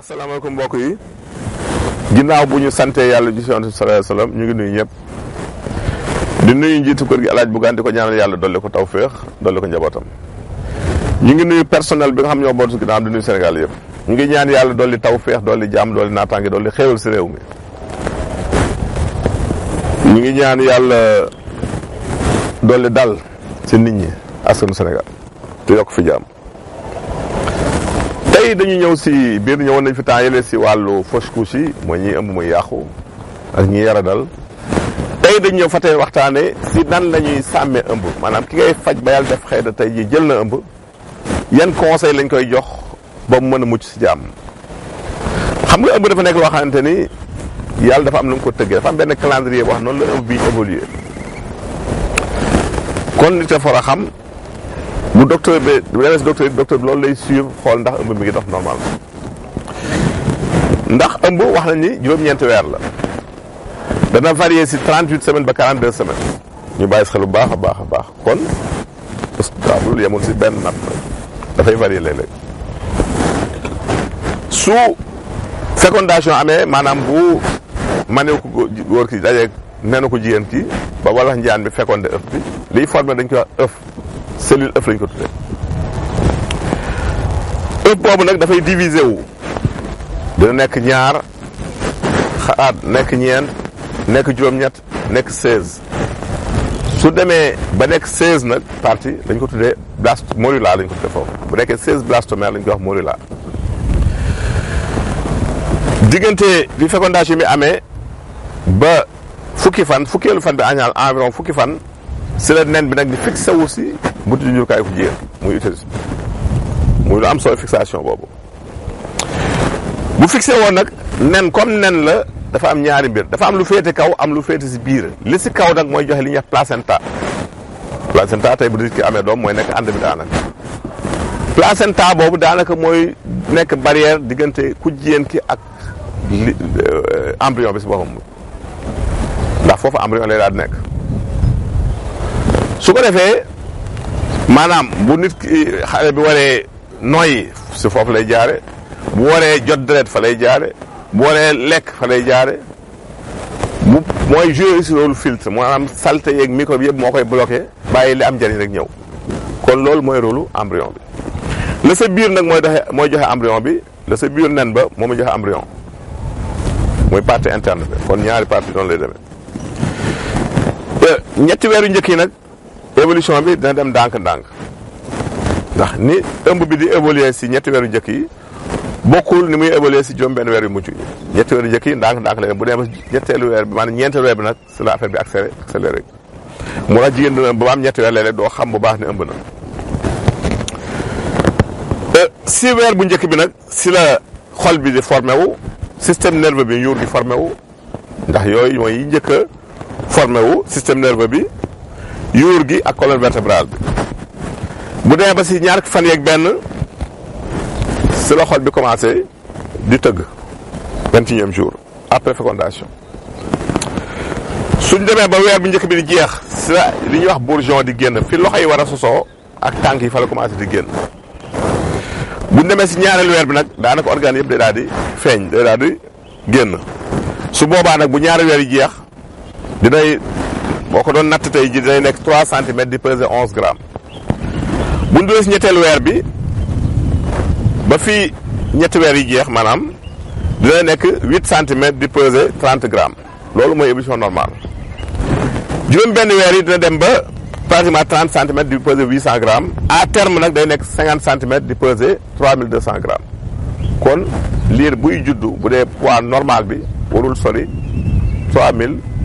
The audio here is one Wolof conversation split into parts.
assalamualaikum mbokk yi ginnaaw bu ñu sante yàlla ji yonent bi sallallahu alayhi wasallam ñu ngi nuyu ñëpp di nuyu njiitu kër gi alaaj bugaan di ko ñaanal yàlla dolli ko tawféex dolli ko njabootam ñu ngi nuyu personnel bi nga xam ñoo bootu ginnaaw di nuyu Sénégal yëpp ñu ngi ñaan yàlla dolli tawféex dolli jàmm dolli naataange dolli xéewal si réew mi ñu ngi ñaan yàlla dolli dal ci nit ñi askanu Sénégal te yokk fi jàmm tey dañu ñëw si biir ñëwoon nañ fi temps yële si wàllu fausse couche yi mooy ñuy ëmb muy yàqu ak ñi yara dal tey dañu ñëw fa tey waxtaanee si nan lañuy sàmmee ëmb maanaam ki ngay faj ba yàlla def xëy na tey jii jël na ëmb yan conseil lañ koy jox ba mu mën a mucc si jàmm xam nga ëmb dafa nekk loo xamante ni yàlla dafa am lu mu ko tëggee dafa am benn calendrier boo xam noonu la ëmb bi évolué kon li ca for a xam bu docteur bi bu demee si loolu lay suivre xool ndax ëmb mi ngi dox normal ndax ëmb wax nañ ni juróom-ñeenti weer la dana varier si 38 semaine ba 42 semaines ñu bàyyi si xel baax a baax a baax kon stable yemul si benn natt dafay varier léeg-léeg su fécondation amee maanaam bu manew ko góor ki dajeeg nenu ko jigéen ki ba walax njaan bi fécondé ëf bi liy formé dañ koy wax ëf C'est ëf lañ ko tuddee ëf e diviser wu dina nek ñaar xaat nek nek juroom ñet 16 su ba 16 blast morula lañ ko tuddee bu nekkee 16 blastomère lañ ko wax morula diggante bi fécondation bi amee ba fukki fan fan environ fukki fan bi mbuti juñukaay fu jigéen muy utérus muy lu am solo fixation boobu bu fixé woon nag nen comme nen la dafa am ñaari mbir dafa am lu féete kaw am lu féete si biir li si kaw nag mooy joxe li ñuy wax placenta placenta tey bu di ki amee doom mooy nekk ànd bi daanaka placenta boobu daanaka mooy nekk barrière diggante ku jigéen ki ak li euh, embryon bi si boppam foofu embryon lay daal nekk su ko defee maanaam bu nit ki xale bi waree noyyi si foofu lay jaare bu waree jot deret fa lay jaare bu waree lekk fa lay jaare bu mooy joué si rôle filtre maanaam saleté yeeg bi yëpp moo koy bloqué bàyyi li am njëriñ rek ñëw kon loolu mooy rôle embryon bi la sa biir nag mooy doxe mooy joxe embryon bi la sa biir nen ba moom mu joxe embryon muy partie interne bi kon ñaari partie noonu lay demee euh, ñetti weeru njëkki nag évolution bi dina dem ndànk-ndànk ndax ni ëmb bi di évoluer si ñetti weeru njëkk yi bokkul ni muy évoluer si juróom benn weer yu mujj yi ñetti weeru njëkk yi ndànk-ndànk bu demee ba ñetteelu weer bi maanaam ñeenteelu weer bi nag si la affaire bi accéléré accéléré mu tax jigéen dina ba am ñetti weer léeg doo xam bu baax ne ëmb na euh, si weer bu njëkk bi nag si la xol bi di formé wu système bi ñuur gi formé ndax yooyu mooy yi njëkk a formé wu système bi yuur gi ak colonne vertébrale bi bu demee ba si ñaar fan yeeg benn si la xol bi commencé di tëgg vingt unième jour après fécondation suñ demee ba weer bu njëkk bi di jeex si la li ñuy wax bourgeon di génn fi loxo yi war a sosoo ak tànk yi fa la commencé di génn bu demee si ñaareel weer bi nag daanaka organe yëpp day daal di feeñ day daal di génn su boobaa nag bu ñaari weer yi jeex dinay boo don doon ji day nek 3 cm, di peser 11 grammes bu ñu doon si ñetteelu bi ba fi ñett weer yi jeex manam dina nek 8 cm, di peser 30 grammes lolu moy évolution normale juroom ben weer yi dina dem ba pratiquement 30 cm, di peser 800 grammes à terme nak day nek 50 cm, di peser 3200 grammes kon lire buy juddu bu dé poids normal bi warul sori 3000.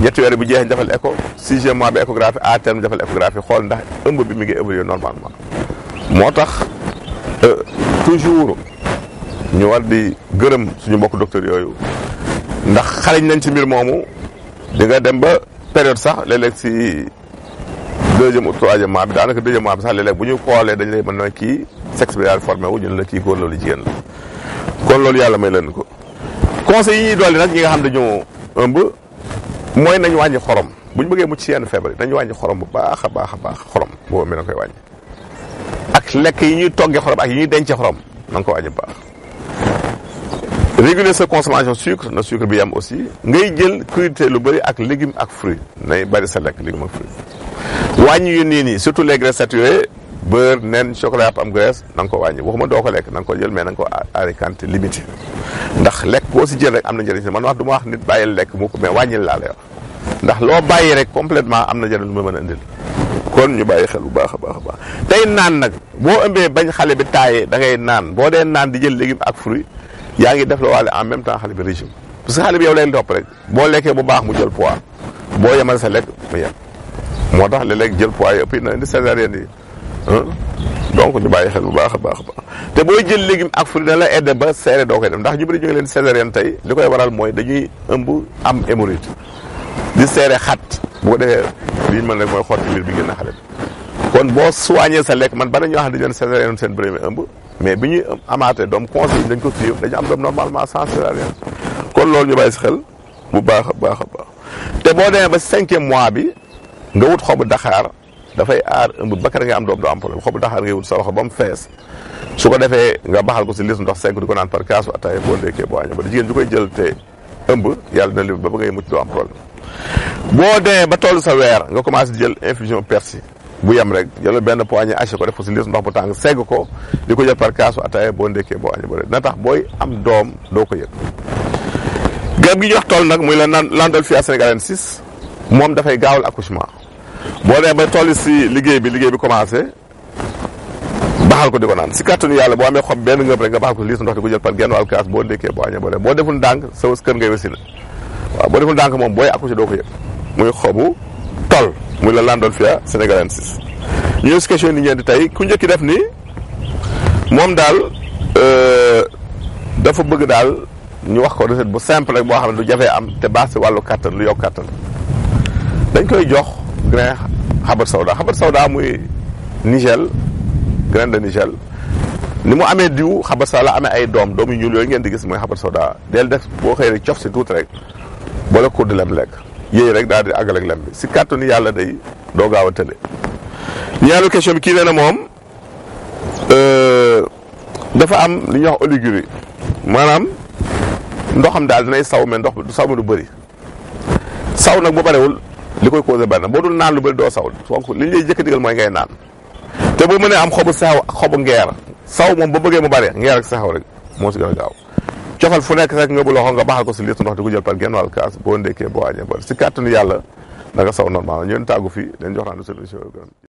ñetti weer bu jeexee ñu defal écho sixième mois bi échographie à terme defal échographie xool ndax ëmb bi mi ngi évolué normalement moo tax euh, toujours ñu war di gërëm suñu mbokk docteur yooyu ndax xarañ nañ ci mbir moomu di nga dem ba période sax léeg si deuxième ou troisième mois bi daanaka deuxième mois bi sax léeg-léeg bu ñu xoolee dañ lay mën na kii sexe bi daal formé wu ñun la kii góor loolu jigéen la kon loolu yàlla may leen ko conseil yi ñuy dolli mooy nañ wàññi xorom bu ñu bëggee mucc si yenn feebar yi nañ wàññi xorom bu baax a baax a baax xorom boobu mi na koy wàññi ak lekk yi ñuy toggee xorom ak yi ñuy denc xorom na nga ko wàññi bu baax réguler sa consommation sucre na sucre bi yam aussi ngay jël crudité lu bëri ak légume ak fruit nay bëri sa lekk légume ak fruit wàññi yu nii nii surtout les graisses saturées beurre neen chocolat am graisse na nga ko wàññi waxuma doo ko lekk na nga ko jël mais na nga ko arikante limité ndax lekk boo si jël rek am na njëriñ man wax du ma wax nit bàyyil lekk mu ko mais wàññil laa lay wax ndax loo bàyyi rek completement am na njëriñ lu ma mën a indil kon ñu bàyyi xel bu baax a baax a baax tey naan nag boo ëmbee bañ xale bi taayee dangay naan boo dee naan di jël légume ak fruit yaa ngi def la waale en même temps xale bi régime parce bi yow lay topp rek boo lekkee bu baax mu jël poids boo yemal sa lekk moo tax léeg-léeg jël poids yi ëpp na indi césarienne yi donc ñu bàyyi xel bu baax a baax ba te booy jël légume ak fruit na la aide ba seere doo koy dem ndax ñu bëri jóge leen césarienne tey li koy waral mooy dañuy ëmb am hémorite di seere xat bu ko defee li ñu mën rek mooy xotti mbir bi gën a xale kon boo soigné sa lekk man ba ñoo wax di dañu leen césarienne seen premier ëmb mais bi ñuy amaatee doom conseil dañ ko suivre dañu am doom normalement sans césarienne kon loolu ñu bàyyi si xel bu baax a baax a baax te boo demee ba cinquième mois bi nga wut xobu Dakar dafay aar ëmb ba kër nga am doom doo sa loxo ba ko defee nga baxal ko si liis ndox senk di ko naan par kaasu ataaya boo ndekkee boo ba jigéen ju koy boo demee ba toll sa weer nga commencé jël infusion persil bu yem rek jëlal benn poignée haché ko def ko tàng segg ko di ko jël par kaasu ataaya boo ndekkee boo año ba tax booy am doom doo ko yëg garab gi jox toll nag muy la Landolphia sénégalensis moom dafay gaawal accouchement boo nee ba toll si liggéey bi liggéey bi commencé baxal ko di ko naan si kàttanu yàlla boo amee xob benn ngëb rek nga baxal ko si liis ndox di ko jël par genn wàllu kaas boo dékkee boo añee boo deful ndànk sa kër ngay wesina waaw boo deful ndànk moom booy accouché doo ko yëg muy xobu tol muy la Landolphia sénégalensis ñu ñëw si question ni ngeen di tey ku njëkki def ni moom daal euh, dafa bëgg daal ñu wax ko recette bu simple boo xam ne du jafee am te baax si wàllu kàttan lu yo kàttan grain xabar sawda xabar sawda muy nigel grain de nigel ni mu amee diw xabar sawda amee ay doom doom yu ñuul yooyu ngeen di gis muy xabar sawda del def boo xëy rek cof si tuuti rek boole ko di lem lekk yooyu rek daal di àggal ak lem bi si kàttanu yàlla day doo gaaw a tële ñaalu question bi kii nee na moom euh, dafa am li ñuy wax oligurie maanaam ndoxam daal dinay saw mais ndox du saw ma du bëri saw nag bu barewul li koy causé na boo dul naan lu bëri doo saw donc li ñu lay jëkk digal mooy ngay naan te bu mënee am xobu saw xobu ngeer saw moom ba bëggee mu bari ngeer ak saxaw rek moo si gën a gaaw cofal fu nekk rek nga bu loxo nga baxal ko si litre ndox di ko jël par genn wàll kaas boo ndekkee boo wàññee ba si kàttanu yàlla da nga saw normal ñun tàggu fii dañ jox naan solution